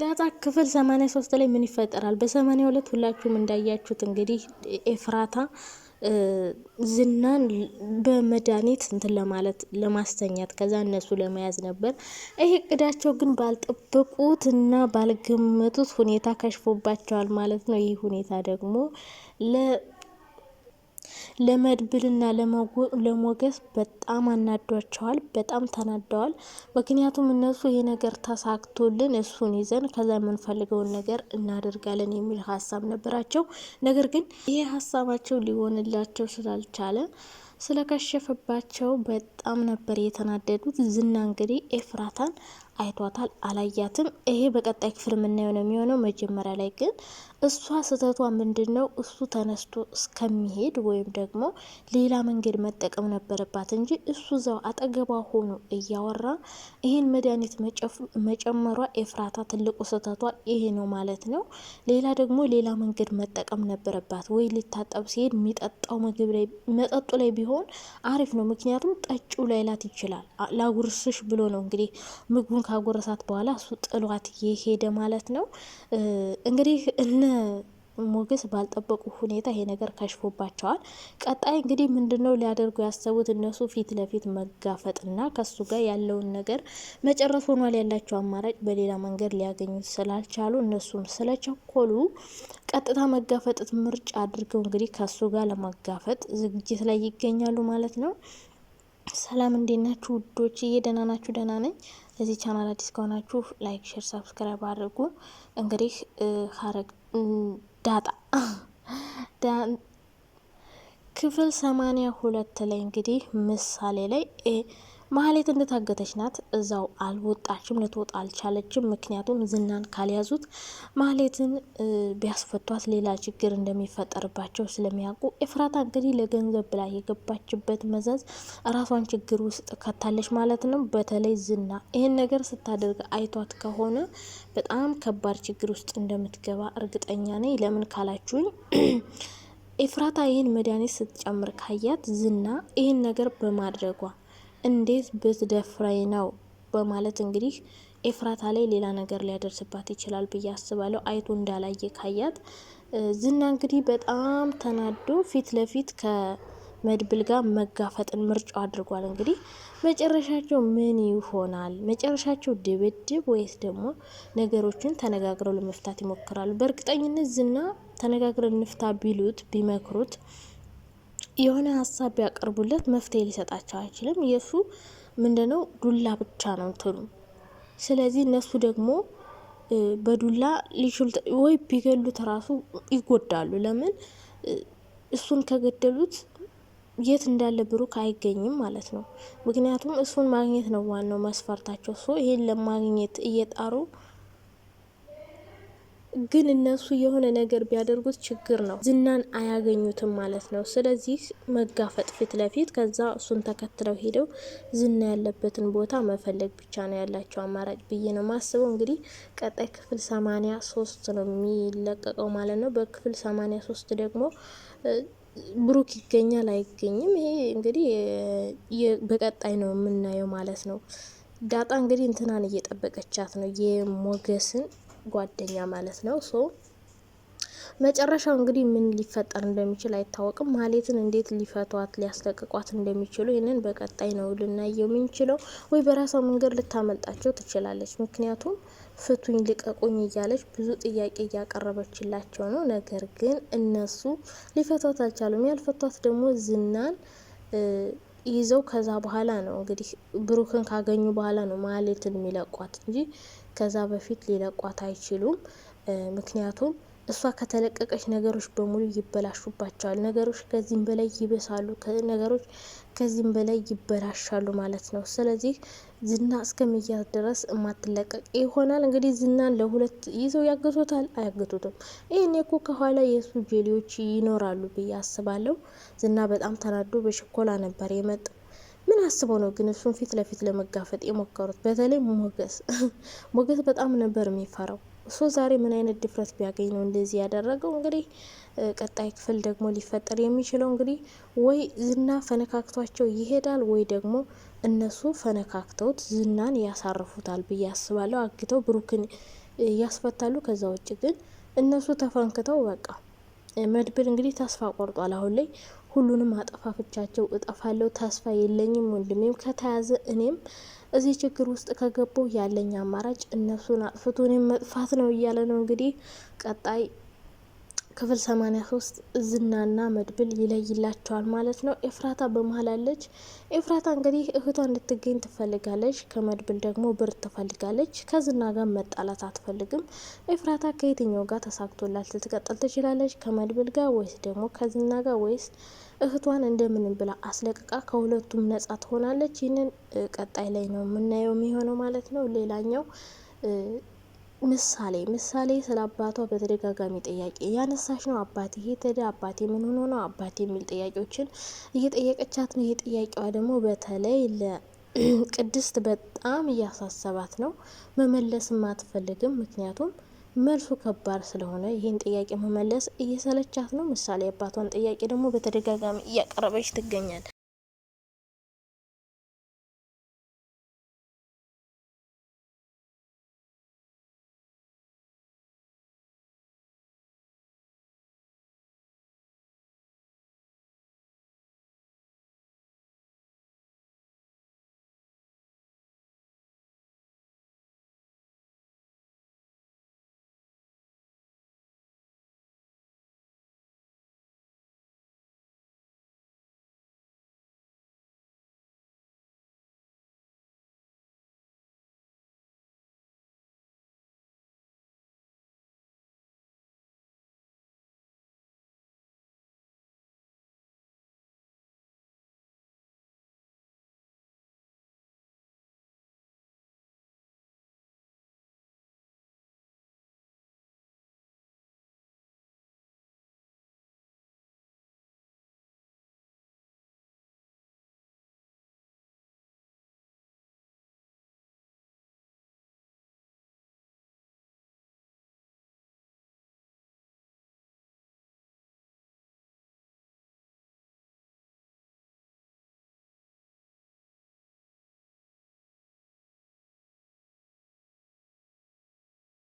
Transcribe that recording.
ዳጣ ክፍል 83 ላይ ምን ይፈጠራል? በ82 ሁላችሁም እንዳያችሁት እንግዲህ ኤፍራታ ዝናን በመድኃኒት እንትን ለማለት ለማስተኛት ከዛ እነሱ ለመያዝ ነበር። ይህ እቅዳቸው ግን ባልጠበቁት እና ባልገመጡት ሁኔታ ከሽፎባቸዋል ማለት ነው። ይህ ሁኔታ ደግሞ ለመድብልና ለሞገስ በጣም አናዷቸዋል። በጣም ተናደዋል። ምክንያቱም እነሱ ይሄ ነገር ተሳክቶልን እሱን ይዘን ከዛ የምንፈልገውን ነገር እናደርጋለን የሚል ሀሳብ ነበራቸው። ነገር ግን ይሄ ሀሳባቸው ሊሆንላቸው ስላልቻለ ስለከሸፈባቸው በጣም ነበር የተናደዱት። ዝና እንግዲህ ኤፍራታን አይቷታል አላያትም። ይሄ በቀጣይ ክፍል የምናየው ነው የሚሆነው። መጀመሪያ ላይ ግን እሷ ስህተቷ ምንድን ነው? እሱ ተነስቶ እስከሚሄድ ወይም ደግሞ ሌላ መንገድ መጠቀም ነበረባት እንጂ እሱ እዛው አጠገቧ ሆኖ እያወራ ይህን መድኃኒት መጨመሯ ኤፍራታ ትልቁ ስህተቷ ይሄ ነው ማለት ነው። ሌላ ደግሞ ሌላ መንገድ መጠቀም ነበረባት ወይ ሊታጠብ ሲሄድ የሚጠጣው ምግብ ላይ መጠጡ ላይ ቢሆን አሪፍ ነው። ምክንያቱም ጠጩ ላይላት ይችላል። ላጉርስሽ ብሎ ነው እንግዲህ ምግቡን ካጎረሳት በኋላ እሱ ጥሏት የሄደ ማለት ነው። እንግዲህ እነ ሞገስ ባልጠበቁ ሁኔታ ይሄ ነገር ከሽፎባቸዋል። ቀጣይ እንግዲህ ምንድነው ሊያደርጉ ያሰቡት እነሱ ፊት ለፊት መጋፈጥና ከሱ ጋር ያለውን ነገር መጨረስ ሆኗል። ያላቸው አማራጭ በሌላ መንገድ ሊያገኙት ስላልቻሉ እነሱም ስለቸኮሉ ቀጥታ መጋፈጥ ምርጫ አድርገው እንግዲህ ከሱ ጋር ለመጋፈጥ ዝግጅት ላይ ይገኛሉ ማለት ነው። ሰላም እንዴናችሁ ናችሁ ውዶች? እየ ናችሁ? ደህና ነኝ። ለዚህ ቻናል አዲስ ከሆናችሁ ላይክ፣ ሼር፣ ሰብስክራይብ አድርጉ። እንግዲህ ሐረግ ዳጣ ክፍል ሰማንያ ሁለት ላይ እንግዲህ ምሳሌ ላይ ማህሌት እንደታገተች ናት። እዛው አልወጣችም፣ ልትወጣ አልቻለችም። ምክንያቱም ዝናን ካልያዙት ማህሌትን ቢያስፈቷት ሌላ ችግር እንደሚፈጠርባቸው ስለሚያውቁ፣ ኤፍራታ እንግዲህ ለገንዘብ ብላ የገባችበት መዘዝ ራሷን ችግር ውስጥ ከታለች ማለት ነው። በተለይ ዝና ይህን ነገር ስታደርግ አይቷት ከሆነ በጣም ከባድ ችግር ውስጥ እንደምትገባ እርግጠኛ ነኝ። ለምን ካላችሁኝ ኤፍራታ ይህን መድኃኒት ስትጨምር ካያት ዝና ይህን ነገር በማድረጓ እንዴት ብትደፍረኝ ነው በማለት እንግዲህ ኤፍራታ ላይ ሌላ ነገር ሊያደርስባት ይችላል ብዬ አስባለሁ። አይቶ እንዳላየ ካያት ዝና እንግዲህ በጣም ተናዶ ፊት ለፊት ከመድብል ጋር መጋፈጥን ምርጫው አድርጓል። እንግዲህ መጨረሻቸው ምን ይሆናል? መጨረሻቸው ድብድብ ወይስ ደግሞ ነገሮችን ተነጋግረው ለመፍታት ይሞክራሉ? በእርግጠኝነት ዝና ተነጋግረን እንፍታ ቢሉት ቢመክሩት የሆነ ሀሳብ ቢያቀርቡለት መፍትሄ ሊሰጣቸው አይችልም። የእሱ ምንድነው ዱላ ብቻ ነው እንትኑ። ስለዚህ እነሱ ደግሞ በዱላ ሊችሉት ወይ ቢገሉት ራሱ ይጎዳሉ። ለምን እሱን ከገደሉት የት እንዳለ ብሩክ አይገኝም ማለት ነው። ምክንያቱም እሱን ማግኘት ነው ዋናው መስፈርታቸው። ይህን ለማግኘት እየጣሩ ግን እነሱ የሆነ ነገር ቢያደርጉት ችግር ነው፣ ዝናን አያገኙትም ማለት ነው። ስለዚህ መጋፈጥ ፊት ለፊት ከዛ እሱን ተከትለው ሄደው ዝና ያለበትን ቦታ መፈለግ ብቻ ነው ያላቸው አማራጭ ብዬ ነው ማስበው። እንግዲህ ቀጣይ ክፍል ሰማንያ ሶስት ነው የሚለቀቀው ማለት ነው። በክፍል ሰማንያ ሶስት ደግሞ ብሩክ ይገኛል አይገኝም? ይሄ እንግዲህ በቀጣይ ነው የምናየው ማለት ነው። ዳጣ እንግዲህ እንትናን እየጠበቀቻት ነው የሞገስን ጓደኛ ማለት ነው። ሶ መጨረሻው እንግዲህ ምን ሊፈጠር እንደሚችል አይታወቅም። ማሌትን እንዴት ሊፈቷት ሊያስለቅቋት እንደሚችሉ ይህንን በቀጣይ ነው ልናየው የምንችለው። ወይ በራሷ መንገድ ልታመልጣቸው ትችላለች። ምክንያቱም ፍቱኝ ልቀቁኝ እያለች ብዙ ጥያቄ እያቀረበችላቸው ነው። ነገር ግን እነሱ ሊፈቷት አልቻሉም። ያልፈቷት ደግሞ ዝናን ይዘው ከዛ በኋላ ነው እንግዲህ ብሩክን ካገኙ በኋላ ነው ማህሌትን የሚለቋት እንጂ ከዛ በፊት ሊለቋት አይችሉም። ምክንያቱም እሷ ከተለቀቀች ነገሮች በሙሉ ይበላሹባቸዋል። ነገሮች ከዚህም በላይ ይበሳሉ፣ ነገሮች ከዚህም በላይ ይበላሻሉ ማለት ነው። ስለዚህ ዝና እስከሚያዝ ድረስ የማትለቀቅ ይሆናል። እንግዲህ ዝናን ለሁለት ይዘው ያግቱታል፣ አያግቱትም። ይህኔ እኮ ከኋላ የእሱ ጄሌዎች ይኖራሉ ብዬ አስባለሁ። ዝና በጣም ተናዶ በሽኮላ ነበር የመጣው። ምን አስበው ነው ግን እሱን ፊት ለፊት ለመጋፈጥ የሞከሩት? በተለይ ሞገስ ሞገስ በጣም ነበር የሚፈራው። እሱ ዛሬ ምን አይነት ድፍረት ቢያገኝ ነው እንደዚህ ያደረገው? እንግዲህ ቀጣይ ክፍል ደግሞ ሊፈጠር የሚችለው እንግዲህ ወይ ዝና ፈነካክቷቸው ይሄዳል፣ ወይ ደግሞ እነሱ ፈነካክተውት ዝናን ያሳርፉታል ብዬ አስባለሁ። አግተው ብሩክን ያስፈታሉ። ከዛ ውጭ ግን እነሱ ተፈንክተው በቃ መድብል እንግዲህ ተስፋ ቆርጧል አሁን ላይ ሁሉንም አጠፋፍቻቸው እጠፋለሁ። ተስፋ የለኝም። ወንድሜም ከተያዘ እኔም እዚህ ችግር ውስጥ ከገባሁ ያለኝ አማራጭ እነሱን አጥፍቶ እኔም መጥፋት ነው እያለ ነው እንግዲህ ቀጣይ ክፍል 83 ዝናና መድብል ይለይላቸዋል ማለት ነው። ኤፍራታ በመሀል አለች። ኤፍራታ እንግዲህ እህቷ እንድትገኝ ትፈልጋለች፣ ከመድብል ደግሞ ብር ትፈልጋለች። ከዝና ጋር መጣላት አትፈልግም። ኤፍራታ ከየትኛው ጋር ተሳክቶላት ልትቀጥል ትችላለች? ከመድብል ጋር ወይስ ደግሞ ከዝና ጋር ወይስ እህቷን እንደምንም ብላ አስለቅቃ ከሁለቱም ነጻ ትሆናለች። ይህንን ቀጣይ ላይ ነው የምናየው የሚሆነው ማለት ነው። ሌላኛው ምሳሌ ምሳሌ ስለ አባቷ በተደጋጋሚ ጥያቄ ያነሳች ነው። አባቴ የት አባቴ ምን ሆኖ ነው? አባቴ የሚል ጥያቄዎችን እየጠየቀቻት ነው። ጥያቄዋ ደግሞ በተለይ ለቅድስት በጣም እያሳሰባት ነው። መመለስም አትፈልግም። ምክንያቱም መልሱ ከባድ ስለሆነ ይህን ጥያቄ መመለስ እየሰለቻት ነው። ምሳሌ አባቷን ጥያቄ ደግሞ በተደጋጋሚ እያቀረበች ትገኛል።